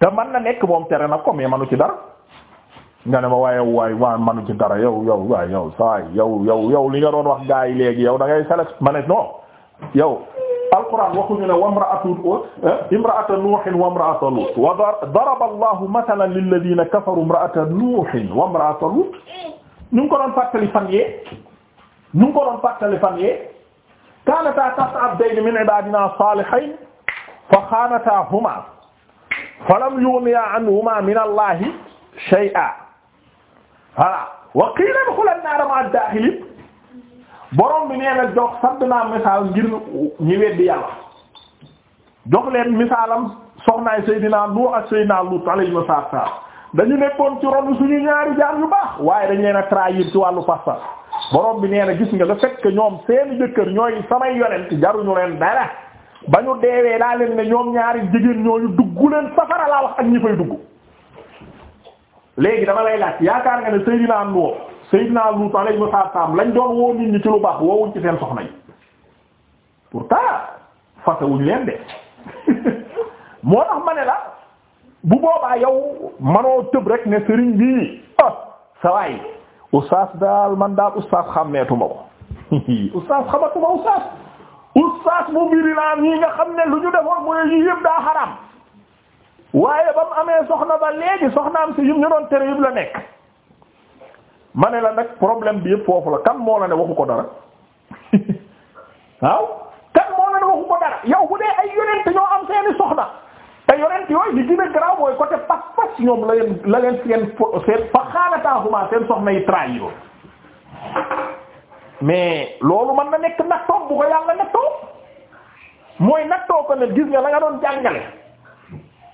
te man na nekk moom tere nag ko mais manu ci dara nga ne ma waaye waay wa manu ci dara yow yow waay yow sawaay yow yow yow li nga doon wax gaa yi léegi yow da ngay select ma ne non yow alquran waxuñu ne wamraatu eh, imraata nuuhin wa mraata lut wa daraba allahu mathalan lilladina kafaru mraata nuuhin wa mraata lut ñu ngi ko doon fàttali fan yee ñu ngi ko doon fàttali fan yee kaanataa tahta abdayni min ibadina salihayn fa xaanataahuma falam yughniya anhuma min allahi shay'a voilà wa qiila udxula naara ma'a daaxiliin borom bi nee na jox sant naa misaal ngir ñi weddi yàlla jox leen misaalam soxnaay Seydina Nuux ak Seydina Luut alayhimu salaam dañu nekkoon ci ronu suñu ñaari jaar yu baax waaye dañ leen a trahir ci wàllu pas borom bi nee na gis nga le fait que ñoom seeni jëkkër ñooy samay yonent jaruñu leen dara ba ñu deewee daa leen ne ñoom ñaari jigéen ñooñu dugg leen safara laa wax ak ñi fay duggu léegi dama lay laaj yaakaar nga ne Seydina Nuux Seydina Luut alayhi salaam lañ doon woo nit ñi ci lu baax woowuñ ci seen soxna yi pourtant fasawuñ leen de moo tax ma ne la bu boobaa yow manoo tëb rek ne sëriñ bi ah sawaay oustaz daal man daal oustaz xàmmeetuma ko oustaz xamatuma oustaz oustaz bu birilaan yi nga xam ne lu ñu defoon mooy yi yëpp daa xaram waaye ba mu amee soxna ba léegi soxnaam si yim ñu doon tere yëpp la nekk ma ne la nag problème bi yëpp foofu la kan moo la ne waxu ko dara waaw kan moo la ne waxu ko dara yow bu dee ay yonent ñoo am seeni soxna te yonent yooyu li gën a garaaw mooy côté pas-pas ñoom la leen la leen seen seen fa xaanataahuma seen soxna yi trahiro mais loolu mën na nekk nattoo bu ko yàlla nattoo mooy nattoo ko ne gis nga la nga doon jàngale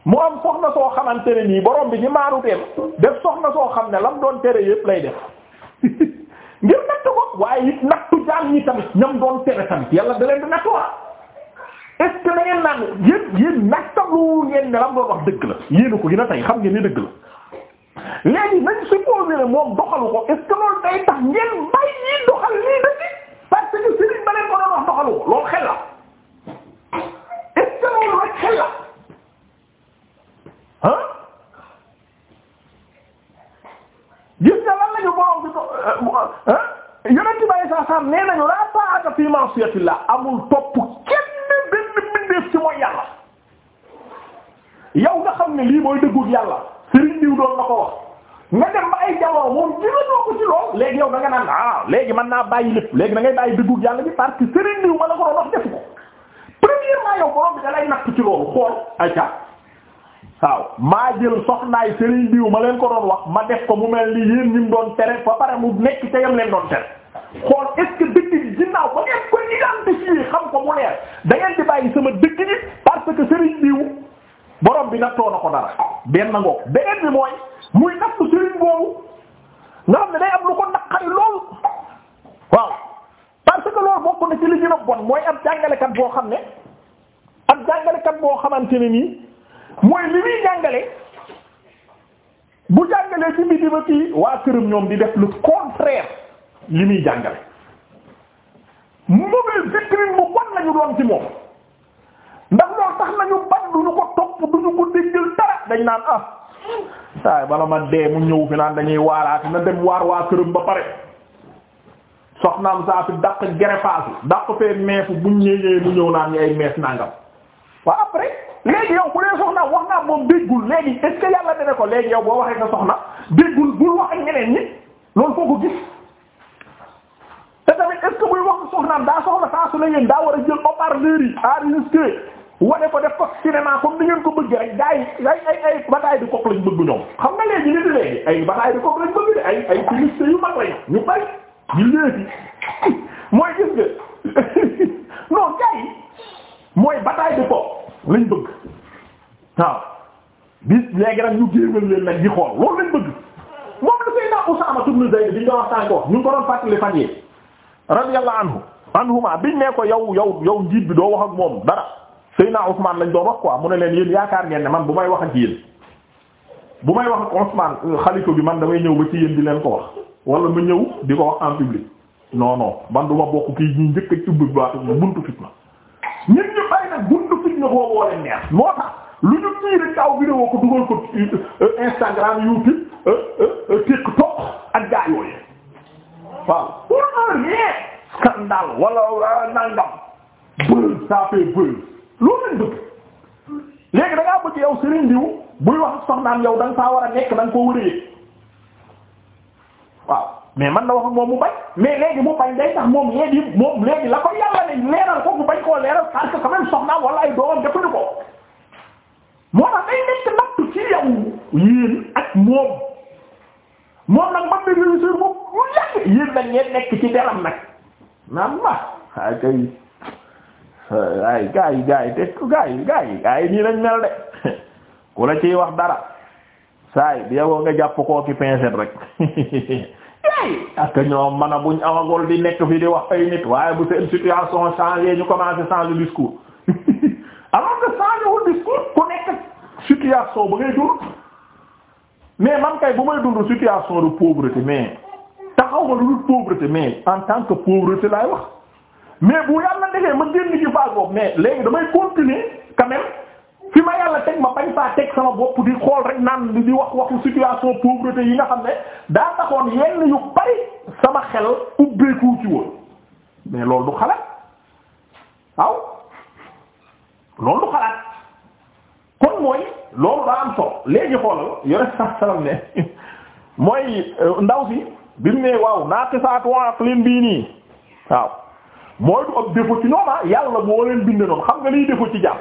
mu am soxna soo xamante ne nii borom bi ñu maaruteem def soxna soo xam ne lam doon tere yépp lay def ngir natt ko waaye it nattu jaam ñi tamit ñam doon tere tamit yàlla da leen di nattu ah est ce que da ngeen naan ngeen ne lam doon wax dëgg la yéen ko gën a tey xam ngeen ni dëgg la. léegi nañ supposé ne moom doxalu ko est ce que loolu day tax ngeen bàyyi doxal lii dëkk parce que Serigne ba leen ko doon wax doxalu ko loolu xel rek xel la ah. gis nga ñu borom bi ko euh, ah yonent bi saa saa nee nañu laa ta'ata fi ma'siyatillah amul topp kenn benn bindeef ci mooy yàlla yow nga xam ne lii mooy dëggul yàlla. Serigne diw doon na ko wax nga dem ba ay jaww moom jëfandoo ko ci lool léegi yow da naan ah léegi mën naa bàyyi lépp léegi da ngay bàyyi dëggu yàlla bi parce que Serigne diw ma la ko doon wax def ko premièrement yow borom bi da lay natt ci loolu xool ayca waaw maa jël soxnaay Serigne diw ma leen ko doon wax ma def ko mu mel ni yéen ñi mu doon tere ba pare mu nekk ca yam leen doon tere xool est-ce que dëkk ba ngeen ko identifier xam ko mu leer da ngeen di bàyyi sama dëkk gi parce que Serigne borom bi nattoo na ko dara benn ngoo beneen bi mooy muy nattu sëriñ boobu nga xam ne day am lu ko naqari lool waaw parce que loolu bokk na ci li gën a bon mooy ab jàngalekat boo xam ne ab jàngalekat boo xamante ne nii mooy li muy jàngale bu jàngalee ci midi ba waa këram ñoom di def le contraire li muy jàngale. mu ngi vitrine bu bon lañu doon ci moom. ndax loolu tax nañu ban duñu ko topp duñu ko déggal dara dañ naan ah saay bala ma dee mu ñëw fi naan dañuy waaraati na dem waar waa këram ba pare soxnaam saa fi dàq gerefaasu dàq fee meefu buñ ñëwee ñëw naan ñu ay mees nangam waa après léegi yow bu dee soxna wax naa moom déggul léegi est yàlla dene ko léegi yow boo waxee sa soxna déggul bul wax ak ñeneen ñi loolu foo ko gis te tamit est buy wax soxnaam daa soxna saa su ne daa war a wale ko def ko cinéma comme ni ngeen ko bëgg rek gars yi ay ay ay bataille de coq lañ bëgg ñoom xam nga léegi li di léegi ay bataille de coq lañ bëgg de ay ay publicité yu mag lañ ñu bari ñu léegi mooy gis nga non gars yi mooy bataille de coq lañ bëgg waaw bis nag ñu génnal leen nag di xool loolu lañ bëgg moom la Seydina Usaama ibn Zayd bi nga wax sànq wax ñu ngi ko doon fàttali fan yii radiyallahu anhu anhuma biñ ne ko yow yow yow njiit bi doo wax ak moom dara. Seyna Ousmane lañ doon wax quoi mu ne leen yéen yaakaar ngeen ne man bu may wax ak yéen bu may wax ak Ousmane euh, xalifa bi man damay ñëw ba ci yéen di leen ko wax wala mu ñëw di ko wax en public non non man du ma bokk kii ñuy njëkk buntu fitna nit ñu bari buntu fitna boobu woo leen neex moo tax lu ñu tiire taw vidéo ko dugal ko euh, Instagram YouTube euh, TikTok ak gaa yooyu waaw pour un rien scandale wala nangam buzz ça fait buzz loolu lañ bëgg léegi da ngaa bëgg yow sëriñ diw buy wax ak soxnaam yow da nga a nekk da nga koo war a mais man na wax ak moom mu bañ mais léegi mu bañ day tax moom léegi moom léegi la ko yàlla ne ko mu bañ koo leeral parce que quand même soxnaam wala ay doomam defuñu ko moo tax day nekk nattu ci yow yéen ak moom moom nag man na réussir moom mu yàgg yéen nag ngeen nekk ci deram nag naan ma ay kay ay gaa yi gaa yi nii lañ mel de ku la ciy wax dara saa yi yow nga jàpp koo ki pincette rek gaa yi man a buñ amagol di nekk fi di wax ay nit waaye bu seen situation changé ñu commencé changer discours alors que changé wul discours ku nekk situation ba ngay dund mais man kay bu may dund situation de pauvreté mais taxaw ma lu dul pauvreté mais en tant que pauvreté wax. mais bu yàlla defee ma génn ci phase boobu mais léegi damay continuer quand même fi ma yàlla teg ma bañ faa teg sama bopp di xool rek naan di wax waxu situation pauvreté yi nga xam ne daa taxoon yenn yu bari sama xel ubbeeku ci woon mais loolu du xalaat waaw loolu du xalaat kon mooy loolu daa am solo léegi xoolal yore sax salam ne mooy euh, ndaw si bi mu ne waaw naaqi saatu aqlin bii nii waaw mooy du ab défaut ci ñoom ah, yàlla moo leen bind noonu xam nga liy défaut ci jàmm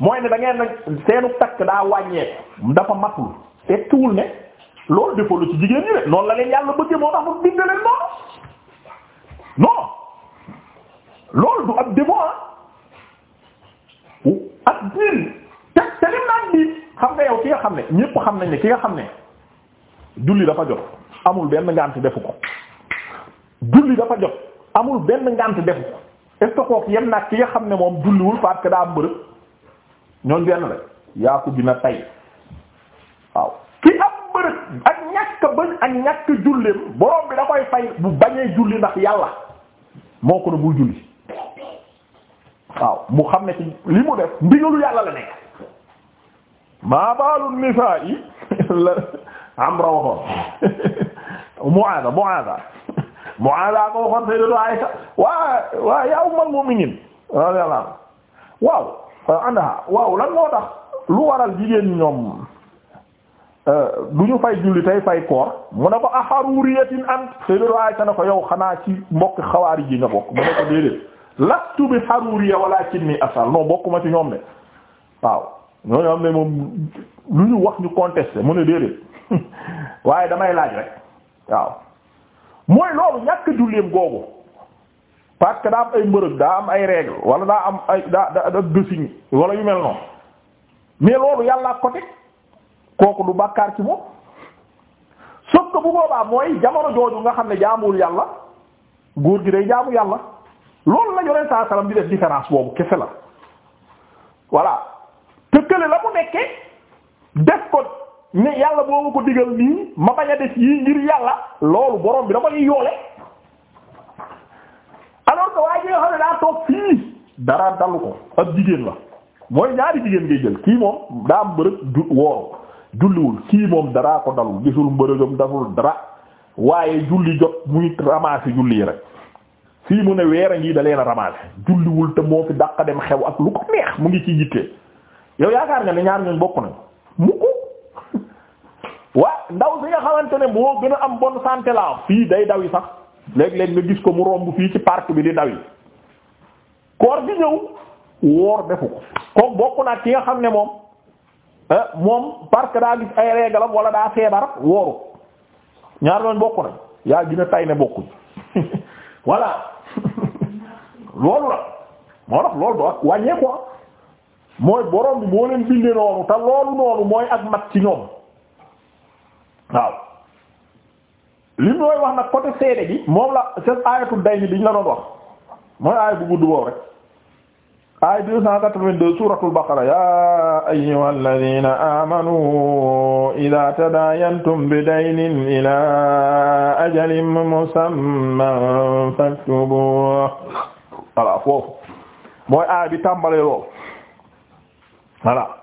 mooy ne dangeen ngeen seenu takk daa wàññeeku dafa matul tekkiwul ne loolu défaut la ci jigéen ñi de noonu la leen yàlla bëggee moo tax mu bind leen noonu non loolu du ab défaut ah. ak diin te te lim naan diin xam nga yow ki nga xam ne ñépp xam nañ ne ki nga xam ne julli dafa jot amul benn ngànt defu ko julli dafa jot. amul benn ngànt def ko est-ce yem nag ki nga xam ne moom julliwul parce que daa am bërëb ñoon benn la yaa ko gën tay waaw ki am bërëb ak ñàkk bañ ak ñàkk julleem borom bi da koy fay bu bañee julli ndax yàlla moo ko ne bul julli waaw mu xam ne ci li mu def ndigalu yàlla la nekk maa baalu nisaa yi la Amra waxoon Muaada Muaada Mu'aaz ko waxoon Sayyidatu Aysa waa waa yaa ummul mu'miniin waaw anha waaw lan moo tax lu waral jigéen ñoom euh, du ñu fay julli tey fay koor mu ne ko aharuriyatin ant Sayyidatu Aysa ne ko yow xanaa ci mbokk xawaari ji nga bokk mu ne ko déedéet lastu bi haruriya walaakinni asal non bokkuma ci ñoom ne waaw ñooñu ne moom lu ñu wax ñu contesté mu ne déedéet waaye damay laaj rek waaw. mooy loolu ñàkk julleem googu parce daa am ay mbërëg daa am ay règle wala daa am ay daa da da dësiñ wala yu mel noonu mais loolu yàlla ko teg kooku du bàkkaar ci moom sauf que bu boobaa mooy jamono jooju nga xam ne jaamuwul yàlla góor gi day jaamu yàlla loolu la yoneen saa salaam di def différence boobu kese la voilà te la mu nekkee def ko ne yàlla boo ko digal nii ma bañ a def yii ngir yàlla loolu borom bi da koy yoole alors que waaye nga xam ne daa toog fii dara dalu ko ak jigéen la mooy ñaari jigéen ngay jël kii moom daa mbërëg ju wooru julliwul kii moom daraa ko dalul gisul mbërëgam daful dara waaye julli jot muy ramasser julli mu ne weer a ngi da julliwul te moo fi dàq dem xew ak lu ko neex mu ngi ci yittee yow yaakaar nga ne ñaar ñooñ bokk nañ mu ko waa ndaw si nga xamante ne moo gën a am bon santé la fii day daw yi sax léeg-léeg nga gis ko mu romb fii ci park bi di daw yi koor bi ñëw woor defu ko kooku bokk na ki nga xam ne moom eh, moom parce que daa gis ay régalam wala daa feebar wooru ñaar doon bokk nañ yaa gën a tay ne bokkuñ voilà loolu la moo tax loolu doo ak wàññee ah mooy borom bi boo leen bindee noonu te loolu noonu mooy ak mat ci ñoom waaw li mooy wax nag côté seede gi moom la seen ayatul day ni biñ la doon wax mooy aaya bu gudd boobu aaya 282 suratul baqara ya ayyuhal ladina amanu idha tadayantum bidaynin ila ajalin musamman faktubuhu voilà mooy aaya bi tàmbalee loolu voilà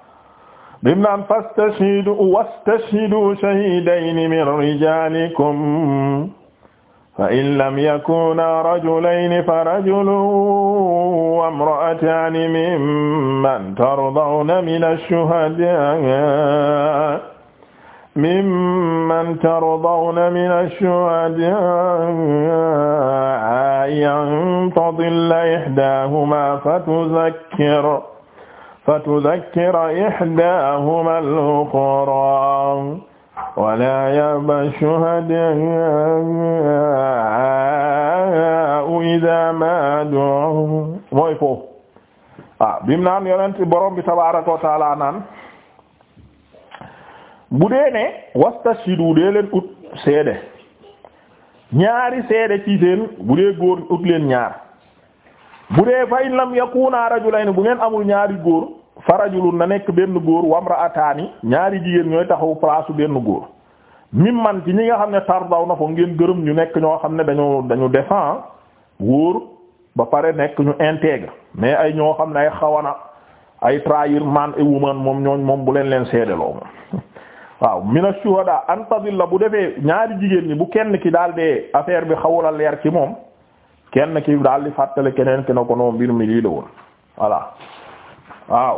bim naan fastashhidu wastashhidu shahidayni min rijalikum fa in lam yakuna rajulayni fa rajulun wa imra'atani mimman tardawna mina ash-shuhadaa mimman tardawna mina ash-shuhadaa an tadilla ihdaahuma fatuzakkiru فتذكر إحداهما الأخرى ولا يأبى الشهداء إذا ما دعوا mooy foofu waaw ah, bi mu naan yonent borom bi tabaaraka wa naan bu dee ne wastashhidu dee leen ut seede ñaari seede ci seen bu dee ut leen ñaar. bu dee fa in lam yakuna rajulayni bu ngeen amul ñaari góor fa rajulun na nekk benn góor wamraataani ñaari jigéen ñooy taxaw place benn góor mim man ci ñi nga xam ne tardaw na ko ngeen gërëm ñu nekk ñoo xam ne dañu dañu défend wóor ba pare nekk ñu intègre mais ay ñoo xam ne ay xawana ay trahir man et woman moom ñooñ moom bu leen leen seedeloo moom waaw mina shuhada an tadilla bu defee ñaari jigéen ñi bu kenn ki daal dee affaire bi xawula leer ci moom kenn ki daal di fàttali keneen ki na ko noo mbir mi lii la woon voilà waaw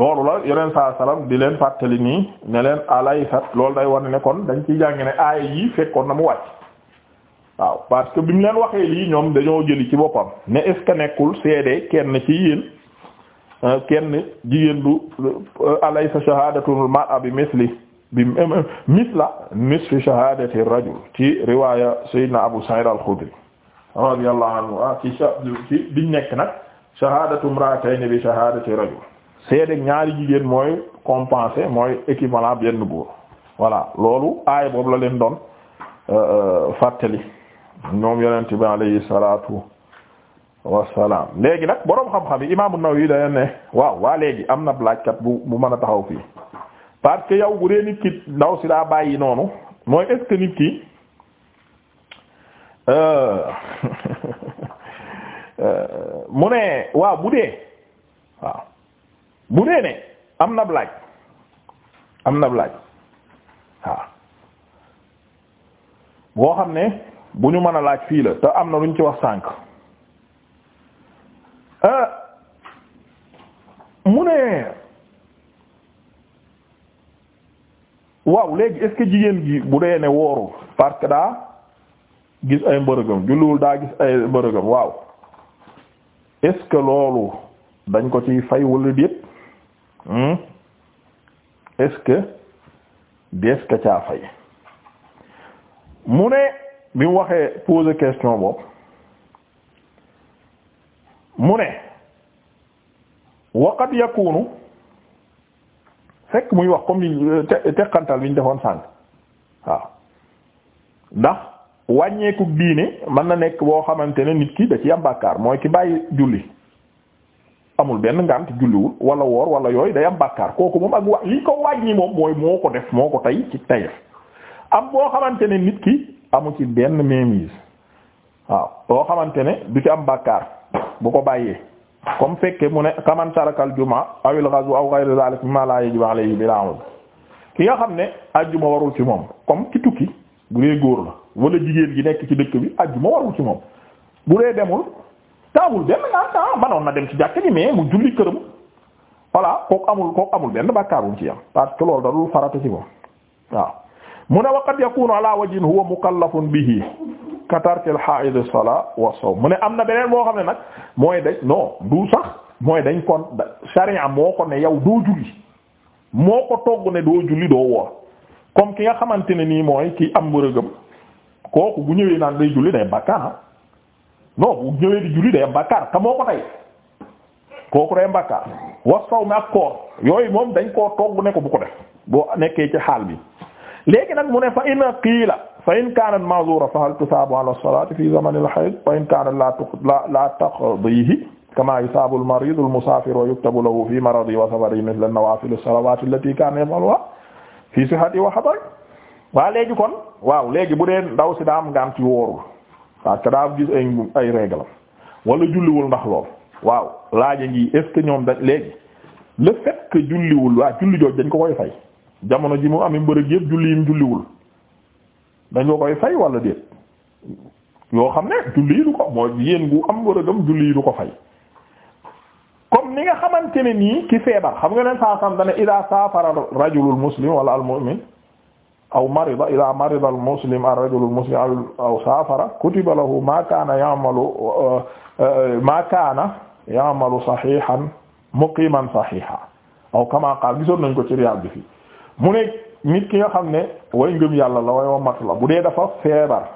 loolu la yeneen saa salaam di leen fàttali nii ne leen alaysat loolu day wane nekkoon dañ ciy jàng ne aaya yii fekkoon na mu wàcc waaw parce que bi mu leen waxee lii ñoom dañoo jëli ci boppam ne est ce que nekkul seede kenn ci yéen euh, kenn jigéen du euh, alaysa shahadatul mar'a bi misli bi euh, misla misli shahadati rajul ci riwaya sayyidina Abu Sa'id al-Khudri radiyallahu anhu ah ci ci biñ nekk nag shahadatu imra'atayn bi shahadati rajo seede ñaari jigéen mooy compensé mooy équivalent yenn góor voilà loolu aay boobu la leen doon euh, euh, fàttali ñoom yonent bi alayhi salaatu wassalaam léegi nag boroom xam-xam yi imaamu Nawawi dañu ne waaw waa léegi am na laajkat bu bu mën a taxaw fii parce que yow bu dee nit ki ndaw si daa bàyyi noonu mooy est ki Euh. Euh, mu ne waaw bu dee waaw bu dee ne am na laaj am na laaj waaw boo xam ne bu ñu mën a laaj fii la te am na lu ñu ci wax sànk euh. mu ne waaw léegi est-ce que jigéen gi bu dee ne wooru parce que daa gis ay mbërëgam julliwul daa gis ay mbërëgam waaw est loolu dañ ko ci fay wala déet hmm? est-ce ka caa fay mu ne bi mu waxee poser question boobu mu ne waqat yakunu fekk muy wax comme teqantal bi ñu defoon sànq waaw ndax wàññeeku ne mën na nekk boo xamante ne nit ki da ci am bàkkaar mooy ki bàyyi julli amul benn ngànt julliwul wala woor wala yooyu day am bàkkaar kooku moom ak wa li ko wàññi moom mooy moo ko def moo ko tey ci tayef am boo xamante ne nit ki amu ci benn mémise waaw boo xamante ne du ci am bàkkaar bu ko bàyyee comme fekke mu ne kaman tarakal juma awil ghazw aw ghayr zalik mimma la yajibu alayhi bi ki nga xam ne ajjuma warul ci moom comme ci tukki góor la wala jigéen gi nekk ci dëkk bi ajjuma warul ci moom bu dee demul taamul benn ngaan ah manoon na dem ci jàkka ji mais mu këram voilà kooku amul kooku amul benn bàkkaar bu mu ci yam parce que loolu dalul farata ci moom waaw mu ne waqad yakunu ala wajhin huwa mukallafun bihi ka tarkil haid as-salat mu ne am na beneen boo xam ne nag mooy dañ non du sax mooy dañ kon sharia moo ko ne yow doo julli moo ko togg ne doo julli doo woor comme ki nga xamante ne nii mooy ki am mbërëgëm kooku bu ñëwee naan day julli day am bàkkaar ah. non bu ñëwee di julli day am bàkkaar te kooku day am bàkkaar was saw mi koor yooyu moom dañ koo togg ne ko bu ko def boo nekkee ci xaal bi léegi nag mu ne fa in qiila fa in kaanat ma'zura fa hal tusaabu ala salaati fi zaman al hayd fa in kaanat la la la taqdihi kama yusaabu al mariid al musaafir wa yuktabu lahu fi maradihi wa safarihi mithla an-nawaafil as-salawaati allati kaana yaf'aluhaa fi sihhatihi waa léegi kon waaw léegi bu dee ndaw si daa am ngànt yu wóorul parce daa am gis ay ay règle wala julliwul ndax lool waaw laaja ngi est ce que ñoom dañ léegi le fait julliwul waa julli jooj dañ ko koy fay jamono ji mu ami mbërëg yëpp julli yim julliwul dañ ko koy fay wala déet yoo xam ne julli du ko mooy yéen gu am mbërëgam julli yi du ko fay comme ni nga xamante ne nii ki feebar xam nga ne saa sam dana ida saafara rajulul muslim wala al mu'min aw marida ila marida al muslim ar rajul al muslim aw saafara kutiba lahu ma kaana ya'malu ma kaana ya'malu sahihan muqiman sahiha aw kama qaal gisoon nañ ko ci Riyad bi fii mu ne nit ki nga xam ne way ngëm yàlla la way wa mat la bu dee dafa feebar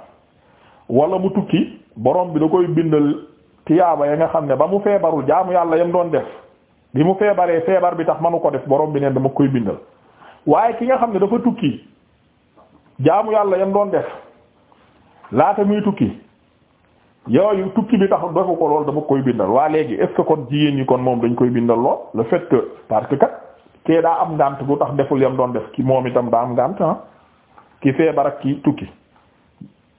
wala mu tukki borom bi da koy bindal tiyaaba ya nga xam ne ba mu feebarul jaamu yàlla yam doon def bi mu feebaree feebar bi tax manu ko def borom bi neen dama koy bindal waaye ki nga xam ne dafa jaamu yàlla yam doon def laata muy tukki yooyu tukki bi tax defu ko loolu dama koy bindal waa léegi est ce kon jigéen ñi kon moom dañ koy bindal lool le fait que parce que kat kee daa am ngànt bu tax deful yam doon def ki moom itam daa am ngànt ah ki feebar ak ki tukki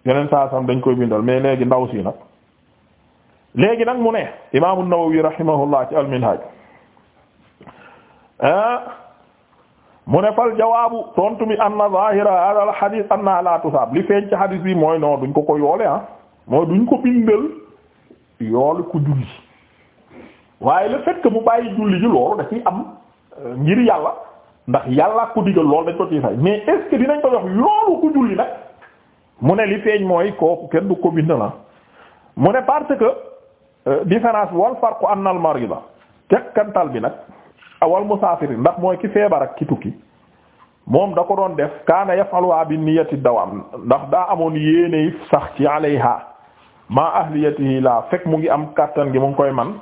yeneen saa sam dañ koy bindal mais léegi ndaw si nag léegi nag mu ne imaamu Nawawi rahimahullah ci al mu ne fal jawaabu tontu bi anna zahira hada al hadith anna la tusab li feeñ ci hadith bi mooy non duñ ko ko yoole ah mooy duñ ko bindal yoolu ku julli waaye le fait que mu bàyyi julli ji loolu da am euh, ngir yàlla ndax yàlla ku digal loolu dañ ko ciy fay mais est dinañ ko jox yoolu ku julli nag mu ne li feeñ mooy kooku kenn du ko bindal ah mu ne parce que euh, différence wal farqu anna al marida tekkantal bi nag. wal musaafirin ndax mooy ki feebar ak ki tukki moom da ko doon def kaana yafaluha bi niyyati dawam ndax daa amoon yéene sax ci alayha ma ahliyatihi la fekk mu ngi am kàttan gi mu ngi koy man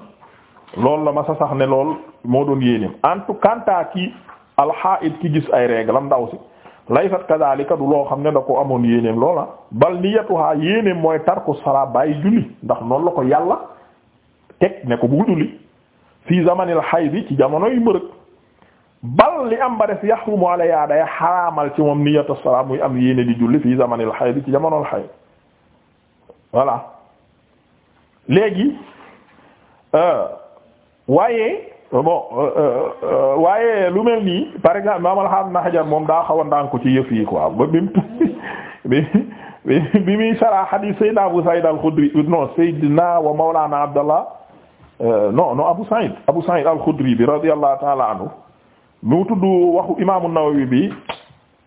loolu la ma sa sax ne lool moo doon yéeneem en tout kanta ki alxaid ki gis ay réglam ndaw si laysat kadhalika du loo xam ne da ko amoon yéeneem loola bal niyyatuha yéeneem mooy tarku salaa bàyyi julli ndax noonu la ko yàlla teg ne ko bu julli fii zamanil hayd ci jamonoy mbërëg bal li am ba def yahrumu alayha day xaraamal ci moom niyyatu salaat muy am yéene di julli fii zamanil hayd ci jamonoy hayd voilà léegi euh, waaye bon euh, euh, waaye lu mel nii par exemple imaam al-Haafiz moom daa xaw a ndànk ko ci yëf yi bi muy sara hadiis Sayyidina Abu Saïd al-Khudri non Sayyidina wa Mawlana Abdallah Euh, non non Abu Sa'id Abu Sa'id al-Khudri bi radiyallahu ta'ala anhu mu tudd waxu imaamu Nawawi bi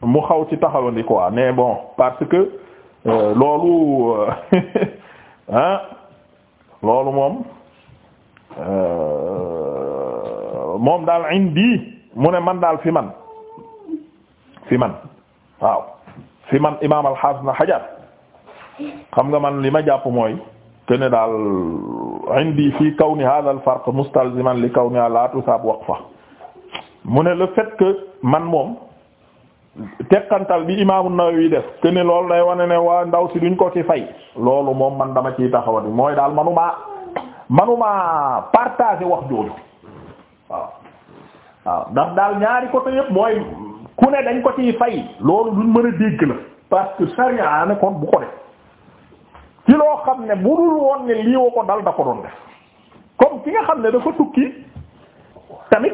mu xaw ci taxawandi quoi mais bon parce que euh, loolu ah loolu moom moom daal indi mu ne man daal fi man fi man waaw fi man imaam al-Hafiz na xam nga man li ma jàpp mooy que daal. indi fi kawni hadha al farq mustalziman li kawniha la tusab waqfa mu ne le man moom teqantal bi imaamu Nawawi def que ne ne waa ndaw si duñ ko ci fay loolu moom man dama ciy taxawati mooy daal manuma manuma partager wax waaw waaw ndax daal ñaari côté yépp mooy ku ne dañ ko ci fay loolu duñ mën a dégg la parce que sariya ne kon bu ko def ci loo xam ne bu dul woon ne lii woo ko dal da ko doon def comme ki nga xam ne dafa tukki tamit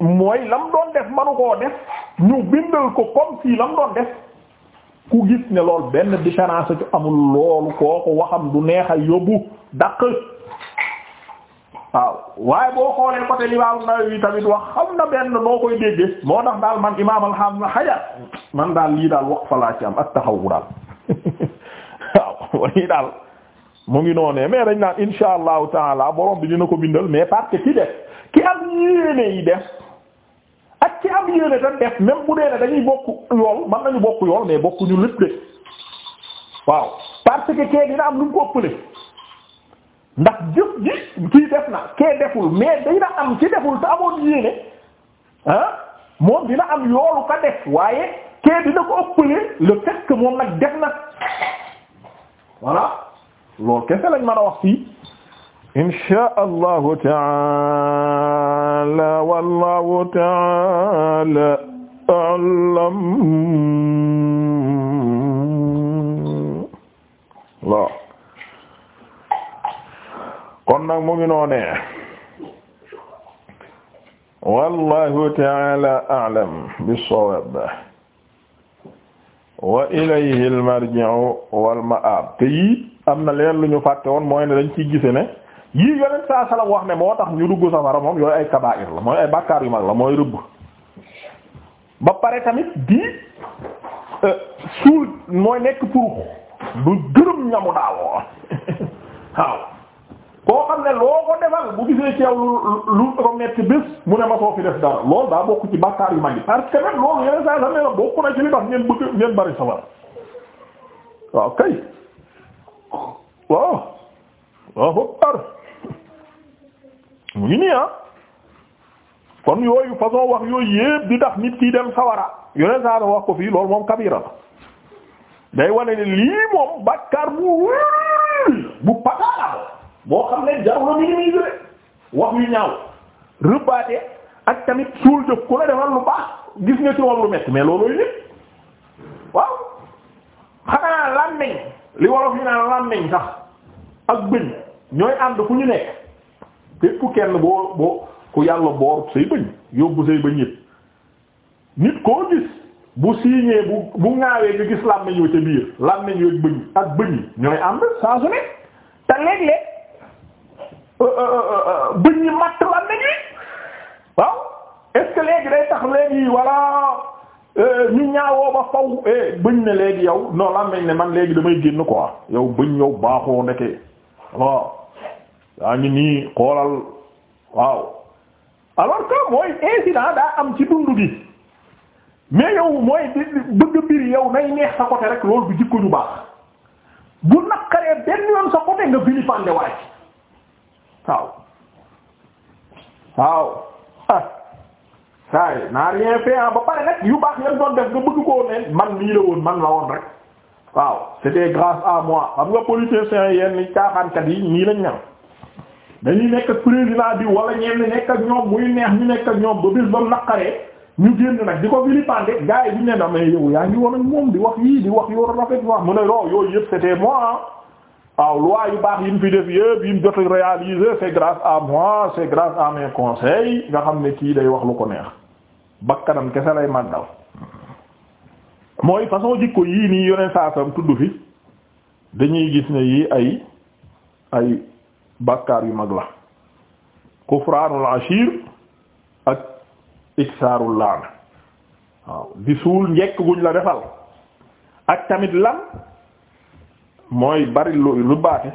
mooy lam doon def manu koo def ñu bindal ko comme la lam doon def ku gis ne lool benn différence ci amul loolu kooku waxam du neexal yóbbu daq waaw waaye boo xoolee côté limaam Nawawi tamit wax xam na benn noo koy dégge moo tax daal man imaam al-Hafiz Hajar man daal lii daal waqfa laa ci am ak taxawu daal woni daal mu ngi noonee mais dañ naan insha allahu taala borom bi dina ko bindal mais parce que def ki am yéene yi def ak ci am yéene tan def même bu dee ne dañuy bokk yool mën nañu bokk yool mais bokkuñu lépp de waaw parce que kee dina am lu mu ko ëppale ndax jëf ji kii def na kee deful mais dina am ci deful te yéene ah moom dina am yoolu ka def waaye kee dina ko ëppale le fait moom nag def na voilà loolu kese lañ mën a wax fii insha allahu taala wallahu taala alam waaw kon nag mu ngi noonee wallahu taala alam bis wa ilayhi al-marji'u wal te yii am na leen lu ñu fàtte woon mooy na dañ ci gise ne yii yonent saa salam wax ne moo tax ñu dugg safara moom yooyu ay kabaa'ir la mooy ay bàkkaar yu mag la mooy rëbb ba pare tamit di euh, suul mooy nekk pour du gërëm ñamu daawoo waaw boo xam ne loo ko defal bu gisee ci lu lu ko metti bés mu ne ma soo fi def dara loolu daa bokk ci bàkkaar yu mag yi parce que nag loolu yeneen saa sax ne la bokk na ci li tax ngeen bari safara waaw kay waaw waaw foofu par ah yépp di tax nit ki dem sawara yeneen saa wax ko fii loolu moom kabira la day wane ne lii moom bàkkaar bu wér xam ne jarul wax yu ñaaw rebaate ak tamit suul jëf ku la defal lu baax gis nga ci moom lu metti mais loolooyu nit waaw xanaa làmmiñ li wolof yi naan làmmiñ sax ak bëñ ñooy ànd ku ñu nekk képp kenn boo boo ku yàlla boor say bëñ yóbbu say bëñ yëpp nit koo gis bu siiñee bu bu ŋaawee nga gis làmmiñ ca biir làmmiñ yoo bëñ ak ñooy ànd saa su ne te léeg-léeg Euh, euh, euh, bëñ ñi matt la nañu waaw est léegi day tax léegi walla ñu ñaawoo ba faw eh bëñ ne léegi yow non la ne man léegi damay génn quoi yow bëñ yow baaxoo ndeke waaw yaa ngi nii xoolal waaw alors que mooy incident daa am ci dund gi mais yow mooy bëgg mbir yow nay neex sa côté rek loolu bu jikko ju baax bu naqaree benn yoon sa côté nga vilipender waaye waaw waaw saa yi naa rien fait ah, ba pare nag yu baax yan doon def nga bëgg koo ne man nii la woon man la woon rek waaw c'était grâce à moi xam nga yen yenn caaxaankat yi nii lañ ñam dañuy nekk ak président bi wala ñenn nekk ak ñoom muy neex ñu nekk ak ñoom ba bis ba naqaree ñu génn nag di ko vilipender gars yi bi ñu ne damay yow yaa ngi woon ak moom di wax yii di wax yor rafet wax mu ne non oh, yooyu yëpp c'était moi ah. waaw loi yu baax yi fi def yi mu jot a réaliser c'est grâce à moi c'est grâce à mes conseils nga xam ne kii day wax lu ko neex bakkanam kese lay màggal mooy façon jikko yii nii yoneen saasam tudd fi dañuy gis ne yii ay ay bakkaar yu mag la kufraanul ashir ak iksaarul laan waaw di suul njekk guñ la defal ak tamit lan mooy bari lu lu baate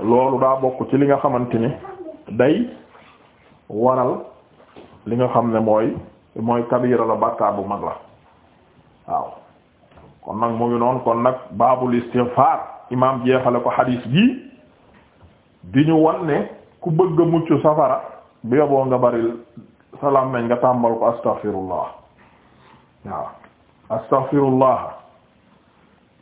loolu daa bokk ci li nga xamante ni day waral li nga xam ne mooy mooy kabira la bàkkaar bu mag la waaw kon nag mu ngi noonu kon nag baabul istighfar imaam jeexale ko xadiis bii di ñu wan ne ku bëgg a mucc safara bu yoboo nga bari salaam nañ nga tàmbal ko astaghfirullah waaw astaghfirullah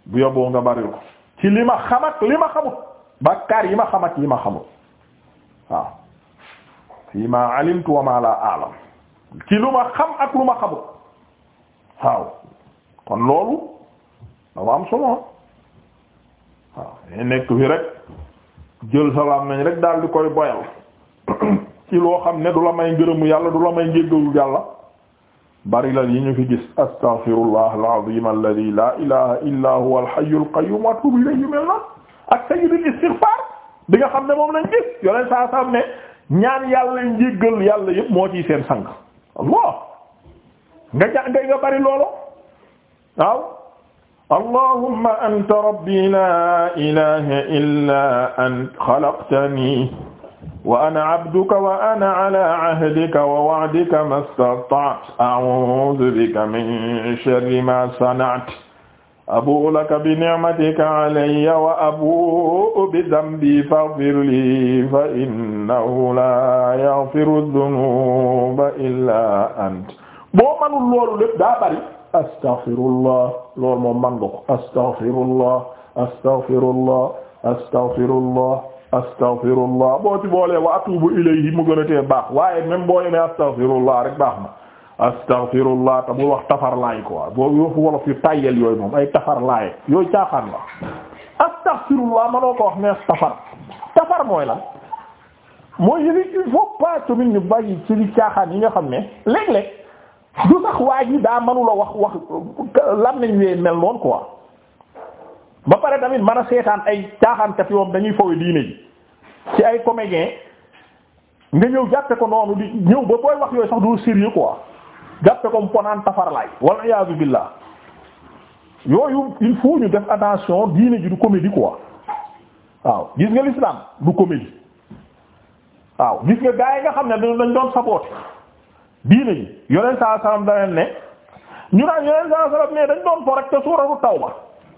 bu yoboo nga bari ko ci li ma xam ak li ma xamut bakkaar yi ma xam ak yi ma xamut waaw fii ma alimtu wa alam ci lu ma xam ak lu ma xamut waaw kon loolu dafa am solo waaw ñu nekk fi rek jël salaam nañ rek daal di koy boyal ci loo xam ne du la may ngërëmu yàlla du la may njéggalu yàlla bari la yi ñu fi gis astaghfirullah al-azim alladhi la ilaha illa huwa al-hayy al-qayyum wa atubu ilayhi mel na ak sayyidul istighfar bi nga xam ne moom lañ gis yoneen saa sam ne ñaan yàlla njéggal yàlla yëpp moo ciy seen sang allah nga ja nga nga bari loolu waaw allahumma anta rabbi la ilaha illa anta khalaqtani wa ana abduka wa ana ala ahdika wa wa'dika mastata'tu a'udhu bika min sharri ma sana'tu abu'u laka bi ni'matika alayya wa abu'u bi dhanbi faghfir li fa innahu la yaghfiru dhunuba illa ant boo manul loolu lépp daa bari astaghfirullah loolu moom man nga ko astaghfirullah astaghfirullah astaghfirullah astaghfirullah boo ci boolee wa atubu ilayhi mu gën a tee baax waaye même boo yemee astaghfirullah rek baax na astaghfirullah te bu wax tafarlaay quoi boobu yoo wolof yu tàyyel yooyu moom ay tafarlaay yooyu caaxaan la astaghfirullah manoo ko wax ne tafar tafar mooy lan mooy yëfi yu faut pas tamit ñu bàyyi ci li caaxaan yi nga xam ne léeg-léeg du sax waa ji daa mënula wax wax lan nañ wee mel noonu quoi ba pare tamit mën a seetaan ay caaxaankat yoom dañuy foowe diine ji ci ay comédien nga ñëw jàppe ko noonu di ñëw ba booy wax yooyu sax du sérieux quoi jàppe ko ponaan tafarlaay walla iyaazu billaah yooyu il faut ñu def attention diine ji du comédie quoi waaw gis nga l'islam du comédie waaw gis nga gaa yi nga xam ne dañ doon saboté diine ji yoneen saa salaam da leen ne ñu naan yoneen saa salaam ne dañ doon fo rek te suuratu tawba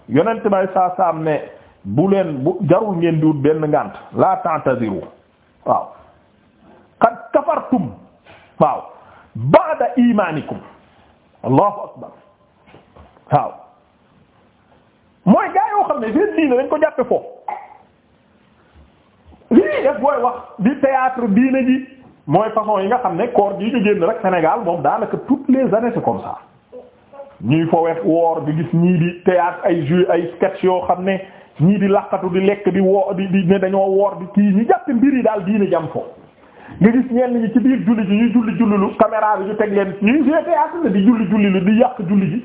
yonent bay saa saam ne bu leen bu jarul ngeen diwut benn ngànt la ta'tadiru waaw qad kafartum waaw ba'da imanikum allahu akbar waaw mooy gaa yoo xam ne seen diine dañ ko jàppe foofu lii def booy wax di théâtre diine ji mooy façon yi nga xam ne koor gi ñu génn rek Sénégal moom daanaka toutes les années comme ça ñuy fowe woor di gis ñii di théâtre ay jeu ay sketch yoo xam ne ñii di laqatu di lekk di woo di di ne dañoo woor di kii ñu jàpp mbir yi daal diine jam fo nga gis ñenn ñi ci biir julli ji ñuy julli julli lu caméra ñu teg leen ñuy di julli julli lu di yàq julli ji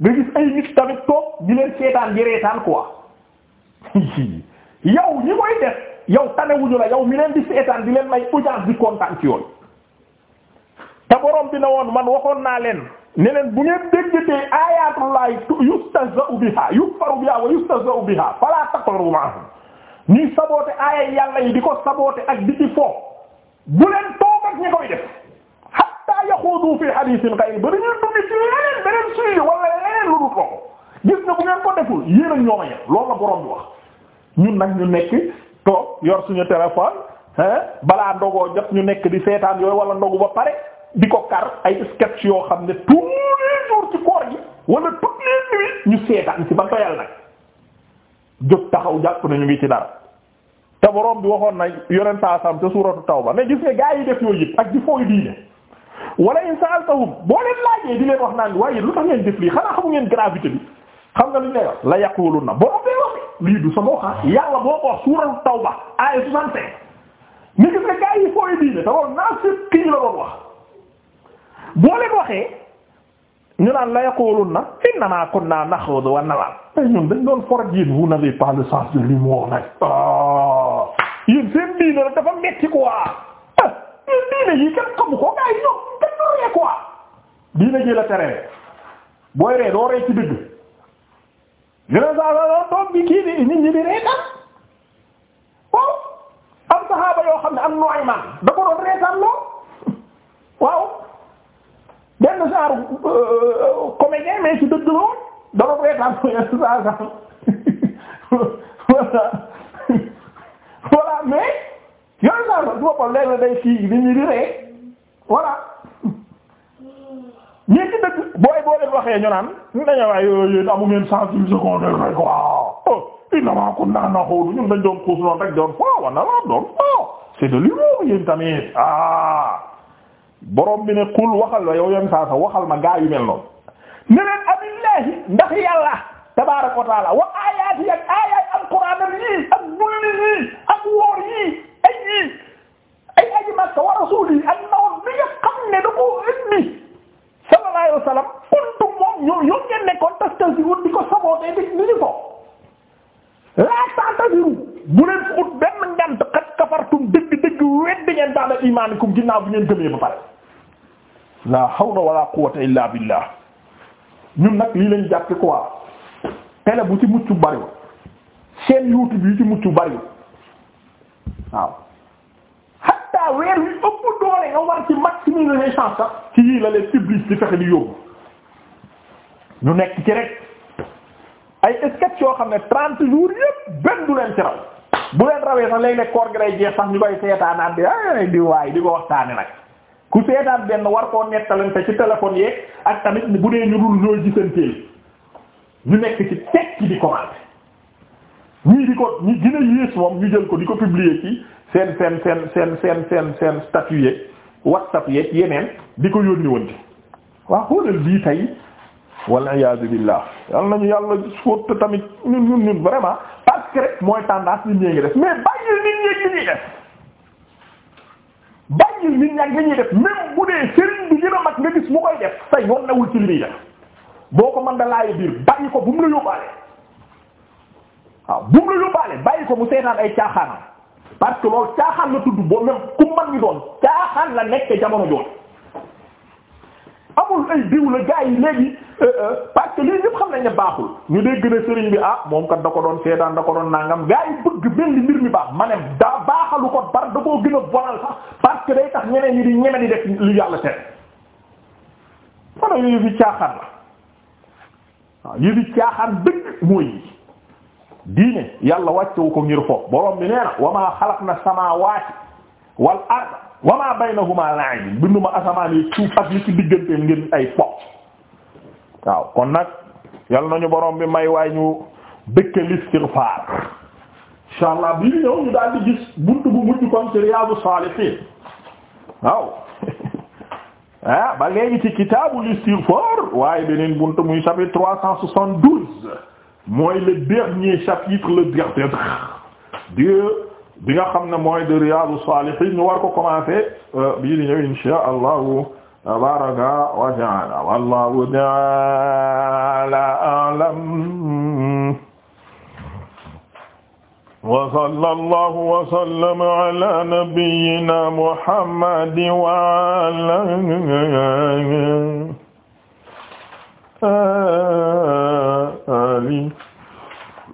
nga gis ay nit tamit toog di leen seetaan di reetaan quoi yow ñi koy def yow tanewuñu la yow mi leen di seetaan di leen may audience di kontaan ci te borom bi na woon man waxoon naa leen. ne leen bu ngeen déggatee ayatullahi yustahza'u biha yukfaru biha wa yustahza'u biha fala taqru ma'ahum ñuy saboote aaya yàlla yi di ko saboote ak di ci foofu bu leen toog ak ñi koy def hatta yaxuudu fi hadithin ghayr ba dañuy dugg ci leneen beneen suy wala leneen lu dul ko gis na bu ngeen ko deful yéen a ñoom a yem loolu wax ñun nag ñu nekk toog yor suñu téléphone hein balaa ndogoo jot ñu nekk di seetaan yooyu wala ndogu ba pare di ko kar ay sketch yoo xam ne tous les jours ci koor gi wala toutes les nuits ñu seetaan ci ba doyal nag jóg taxaw jàpp na ñu ngi ci dara te borom bi waxoon na yonentaa sam te suuratu tawba mais gis nga gaa yi def yooyu ak di fooy diine wala in sa'altahum boo leen laajee di leen wax naan waaye lu tax ngeen def lii xanaa xamu ngeen gravité bi xam nga lu ñu lay wax la yaquluna borom bee wax lii du sama wax yàlla boo ko wax suuratu tawba ay 65 mais wax. boo leen waxee ñu naan la yaquluna innama kunna naxudu wa nal'ab ñun dañ doon for yéen vous n'avez pas le sens de l'humour nag ah yéen seen diine la dafa metti quoi ah yéen diine yi kenn xamu ko gars yi ñoom kenn du ree quoi diine ji la tere booy ree doo ree ci dëgg yeneen saa la bi kii di nit ñi di ree dal waaw am saxaaba yoo xam ne am Nu'aymaan da ko doon loo waaw. benn genre euh, comédien mais ci dëgg la dama koy daan yenn genre voilà voilà mais yenn genre su boppam léeg-léeg day kii li ñu di ree voilà ñii ci dëgg booy boo leen waxee ñu naan ñu ne waaye yooyu amu ngeen sensibiliser secondaire rek waaw oh, innamaa kunnaa naxuudu ñun dañ doon xuus noonu rek doon foo wala doon foo c'est de l'humour yéen tamit ah. borom bi ne qul waxal la yow yenn saa sa waxal ma gaa yu mel noonu ne abillahi ndax yàlla tabaaraka wa taala wa aayaati ak aayaat alquraan yi ak julli yi ak woor yi ay yi ay aji makka wa rasuul yi ak ndawoon bi nga xam ne da koo indi sallallahu alayhi wa sallam moom ñoom ñoo ngeen nekkoon tastal si wut di ko saboote di ni ñu ko laa tantasiru bu leen ut benn ngant kat kafartum dëgg dëgg weddi ngeen daana imaanikum ginnaaw bi ngeen gëmee xaw na wala quwwata illa billah ñun nag lii lañ jàppe quoi télé bu ci mucc bariwul seen youtube yi ci mucc bariwul waaw hatta weer yu ëpp doole nga war ci maximiser les chances sax ci yii la leen publics di fexe di yóbbu ñu nekk ci rek ay sketch yoo xam ne trente jours yépp benn du leen ci raw bu leen rawee sax léeg-léeg koor gi day jeex sax ñu koy seetaanaat di ay di waay di ko waxtaane nag ku seetaan benn war koo nettalante ci téléphone yeeg ak tamit bu dee ñu dul ñooy gisanteel ñu nekk ci tekki di commenter ñii di ko ñi gën a yées moom ñu jël ko di ko publier ci seen seen seen seen seen seen seen statut yeeg whatsapp yeeg yeneen di ko yónni wante waa xoolal bii tey wal iyaazu billah yal nañu yàlla fóot tamit ñun ñun ñun vraiment parce rek mooy tendance nit ñee ngi def mais bàyyi nit ñee ngi def bàyyil nit ñaa ngi def même bu dee sëriñ bi gën a mag nga gis mu koy def sa yoon nawul ci lii def boo ko mën da laaya biir bàyyi ko bu mu la yóbbaale waaw bu bàyyi ko mu seetaan ay caaxaanam parce que loolu caaxaan la tudd boo même ku man ngi doon caaxaan la nekk jamono joon amul ay diw la gars yi léegi euh, euh, parce que lii ñëpp xam nañ ne baaxul ñu dégg ne sëriñ bi ah moom kat da ko doon seetaan da ko doon nangam gars yi bëgg mel ni mbir mi baax ma ne baaxalu ko bar da koo gën a bonal sax parce que day tax ñeneen ñi di ñeme di def lu yàlla tere. maanaam yëfi caaxaan la waaw yëfi caaxaan dëgg mooy diine yàlla wàccewu ko ngir foofu borom bi nee na wa maa xalaq na samaawaati wal ard wamaa baynahuma la'ib binduma asamaan yi ma ak li ci digganteem ay po waaw kon nag yal nañu borom bi may waay ñu dëkk l'istighfar inshallah bi ñu ñëw ñu daal di gis buntu bu mujj kon ci riyaadu saalihiin waaw ah ba léegi ci kitaabu l'istighfar waaye bunt buntu muy chapitre trois cent soixante-douze mooy le dernier chapitre le dernier de bi nga xam ne mooy de Riyadu Salihin ñu war ko commencer euh, bii di ñëw insha allahu tabaraka wa ta'ala wallahu ta'ala a'lam wa sallallahu wa sallama ala nabiyyina muhammadin wa ala alihi